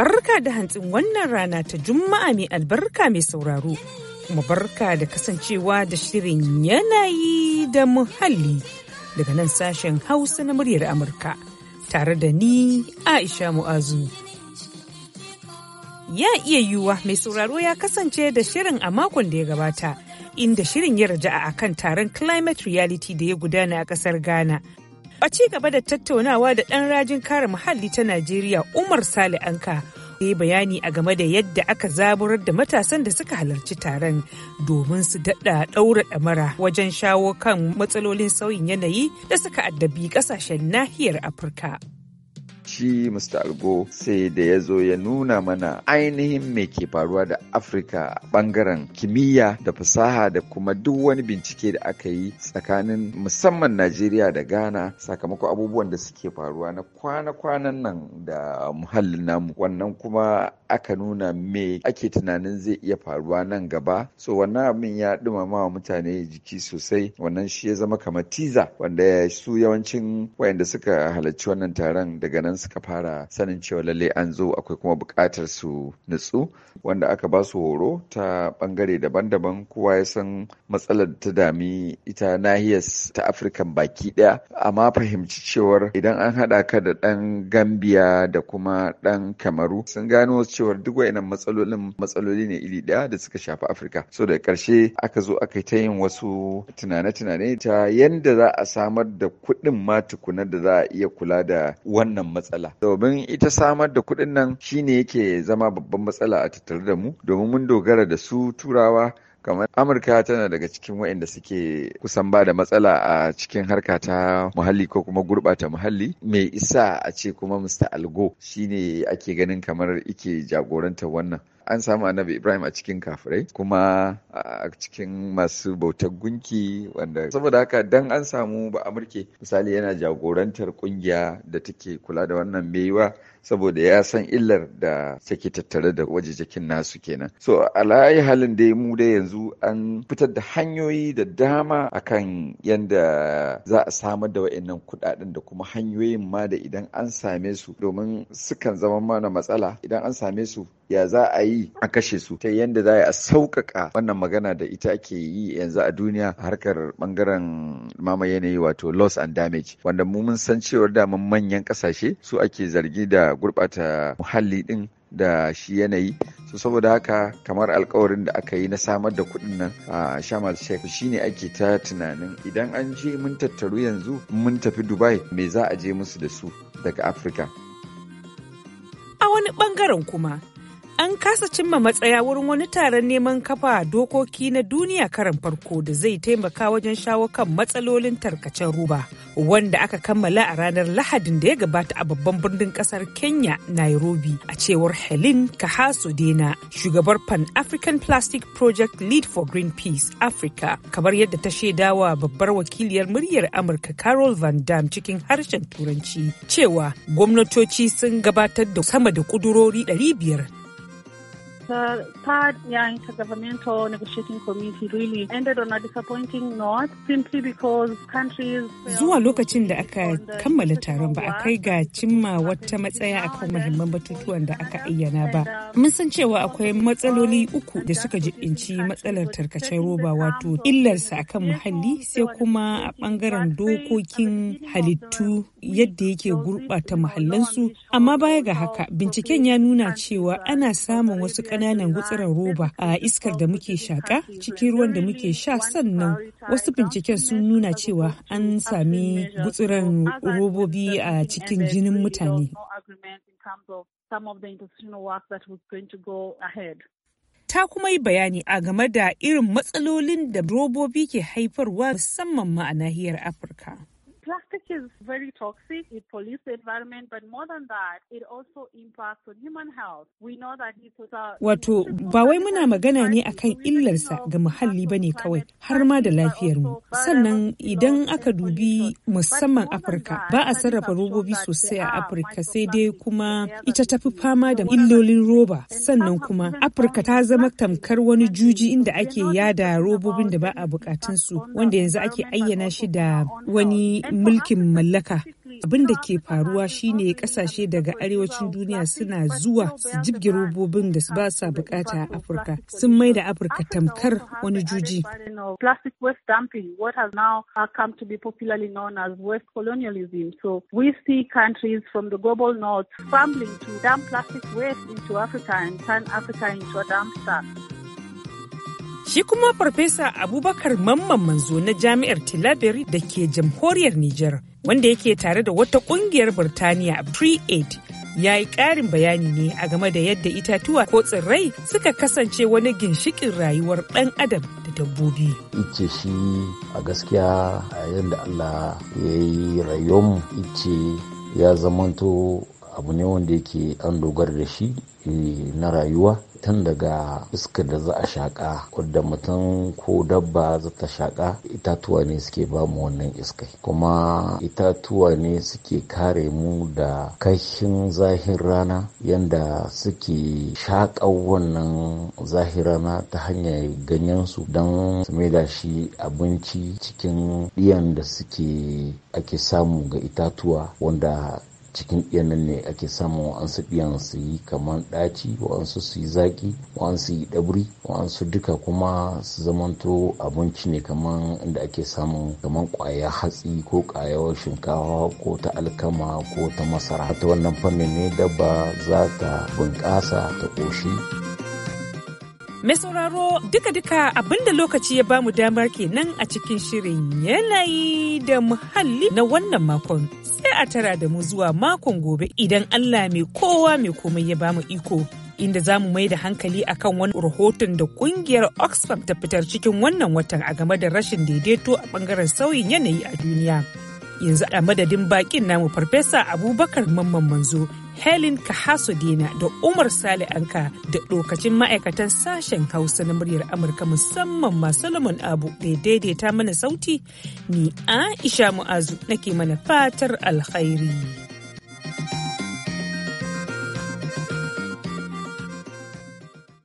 Barka da hantsin wannan rana ta Juma'a mai albarka mai sauraro. Kuma barka da kasancewa da shirin yanayi da muhalli daga nan sashen Hausa na muryar Amurka tare da ni Aisha Mu'azu. Ya iya yiwuwa mai sauraro ya kasance da shirin a makon da ya gabata inda shirin ya a kan taron climate reality da ya gudana a kasar Ghana a ci gaba da tattaunawa da ɗan rajin kare muhalli ta Najeriya Umar Sale Anka yi bayani a game da yadda aka zaburar da matasan da suka halarci taron domin su daɗa ɗaura ɗamara wajen shawo kan matsalolin sauyin yanayi da suka addabi ƙasashen nahiyar Afirka. shi Mr. Algo sai da ya zo ya nuna mana ainihin me ke faruwa da Afirka bangaren kimiyya da fasaha da kuma duk wani bincike da aka yi tsakanin musamman Najeriya da Ghana sakamakon abubuwan da suke faruwa na kwana-kwanan nan da muhallin namu wannan kuma aka nuna me ake tunanin zai iya faruwa nan gaba so wannan abin ya dumama wa mutane jiki sosai wannan shi ya zama kamar tiza wanda su yawancin wayanda suka halarci wannan taron daga nan suka fara sanin cewa lalle an zo akwai kuma buƙatar su nutsu wanda aka ba su horo ta bangare daban-daban kowa ya san matsalar ta dami ita nahiyar ta afirka baki ɗaya amma fahimci cewar idan an haɗa ka da ɗan gambiya da kuma ɗan kamaru sun gano cewar duk wayannan matsalolin matsaloli ne iri ɗaya da suka shafi afirka so da karshe aka zo aka ta yin wasu tunane-tunane ta yadda za a samar da kuɗin ma tukunan da za a iya kula da wannan matsala matsala domin ita samar da kuɗin nan shine yake zama babban matsala a tattare da mu domin mun dogara da su turawa kamar amurka tana daga cikin waɗanda suke kusan ba da matsala a cikin harka ta muhalli ko kuma gurɓata muhalli mai isa a ce kuma mr algo shine ake ganin kamar ike jagorantar wannan an samu annabi ibrahim a cikin kafirai kuma a cikin masu bautar gunki wanda saboda haka dan an samu ba amurke misali yana jagorantar kungiya da take kula da wannan baiwa saboda ya san illar da take tattare da wajejakin nasu kenan so alayi halin dai mu da yanzu an fitar da hanyoyi da dama akan yanda za a samar da wa'annan kudaden da kuma hanyoyin ma da idan an same su domin sukan zama mana matsala idan an same su ya za a yi yi a kashe su ta yadda za a sauƙaƙa wannan magana da ita ake yi yanzu a duniya harkar bangaren mama yanayi wato loss and damage wanda mu mun san cewar daman manyan ƙasashe su ake zargi da gurɓata muhalli ɗin da shi yanayi so saboda haka kamar alkawarin da aka yi na samar da kuɗin nan a shamal sheikh shine ake ta tunanin idan an je mun tattaru yanzu mun tafi dubai me za a je musu da su daga afirka a wani bangaren kuma an kasa cimma matsaya wurin wani taron neman kafa dokoki na duniya karan farko da zai taimaka wajen shawo kan matsalolin tarkacen ruba wanda aka kammala a ranar lahadin da ya gabata a babban birnin kasar kenya nairobi a cewar helen kahaso dena shugabar pan african plastic project lead for Green greenpeace africa kamar yadda ta shaidawa babbar wakiliyar muryar amurka carol van dam cikin harshen turanci cewa gwamnatoci sun gabatar da sama da kudurori 500 The third year intergovernmental negotiating committee really ended on a disappointing note simply because countries Zuwa lokacin da aka kammala taron ba a kai ga cimma wata matsaya akan muhimman batutuwan da aka ayyana ba. Um, Mun san cewa akwai matsaloli uku da suka jibinci matsalar tarkacen roba wato illarsa akan muhalli sai kuma a ɓangaren dokokin halittu yadda yake gurɓata muhallansu amma baya ga haka binciken ya nuna cewa ana samun wasu kananan gutsurar roba a iskar da muke shaka cikin ruwan da muke sha sannan wasu binciken sun nuna cewa an sami gutsuran robobi a cikin jinin mutane. ta kuma yi bayani a game da irin matsalolin da robobi ke haifarwa musamman ma a nahiyar Afirka. is very toxic. It pollutes the environment, but more than that, it also impacts on human health. We know that it was a... Wato, ba wai muna magana ne akan illarsa ga muhalli ba ne kawai, har ma da lafiyarmu. Sannan idan aka dubi musamman Afirka, ba a sarrafa robobi sosai a Afirka sai dai kuma ita ta fi fama da illolin roba. Sannan kuma Afirka ta zama tamkar wani juji inda ake yada robobin da ba a bukatunsu, wanda yanzu ake ayyana shi da wani mulkin mulkin mallaka abin da ke faruwa shine kasashe daga arewacin duniya suna zuwa su jibge robobin da ba sa bukata a afirka sun mai da afirka tamkar wani juji Shi kuma Farfesa Abubakar Mamman Manzo na Jami'ar Tilaberi da ke jamhuriyar Nijar wanda yake tare da wata kungiyar Birtaniya Pre-Aid ya yi ƙarin bayani ne a game da yadda itatuwa ko tsirrai suka kasance wani ginshikin rayuwar ɗan adam da dabbobi. Ice shi a gaskiya a yadda Allah ya yi rayuwar ice ya zamanto abu ne wanda yake an dogara da shi eh, na rayuwa tun daga iska da za a shaƙa wadda mutum ko dabba za ta shaƙa itatuwa ne suke ba mu wannan iska. kuma itatuwa ne suke kare mu da kashin zahin rana yanda suke shaƙa wannan zahin rana ta hanyar ganyensu don su maida shi abinci cikin ɗiyan da suke ake samu ga itatuwa wanda cikin ɗiyanan ne ake samun wa'ansu ɗiyan su yi kamar ɗaci wa'ansu su yi zaƙi wa'ansu yi ɗabri wa'ansu duka kuma su zamanto abinci ne kamar inda ake samun kamar ƙwaya hatsi ko ƙwayar shinkawa ko ta alkama ko ta masara ta wannan fannin ne dabba za ta bunƙasa ta ƙoshi Mai sauraro duka-duka abinda lokaci ya bamu damar kenan a cikin shirin yanayi da muhalli na wannan makon. Sai a tara da mu zuwa makon gobe idan Allah mai kowa mai komai ya bamu iko. Inda za mu mai da hankali a kan wani rahoton da kungiyar Oxfam ta fitar cikin wannan watan a game da rashin daidaito a bangaren sauyin yanayi a duniya. Yanzu a madadin bakin namu Farfesa Abubakar Mamman Manzo Helen dina da Umar Sale Anka da lokacin ma'aikatan sashen Hausa na muryar Amurka musamman ma Solomon Abu da daidaita mana sauti ni Aisha Mu'azu nake mana fatar alkhairi.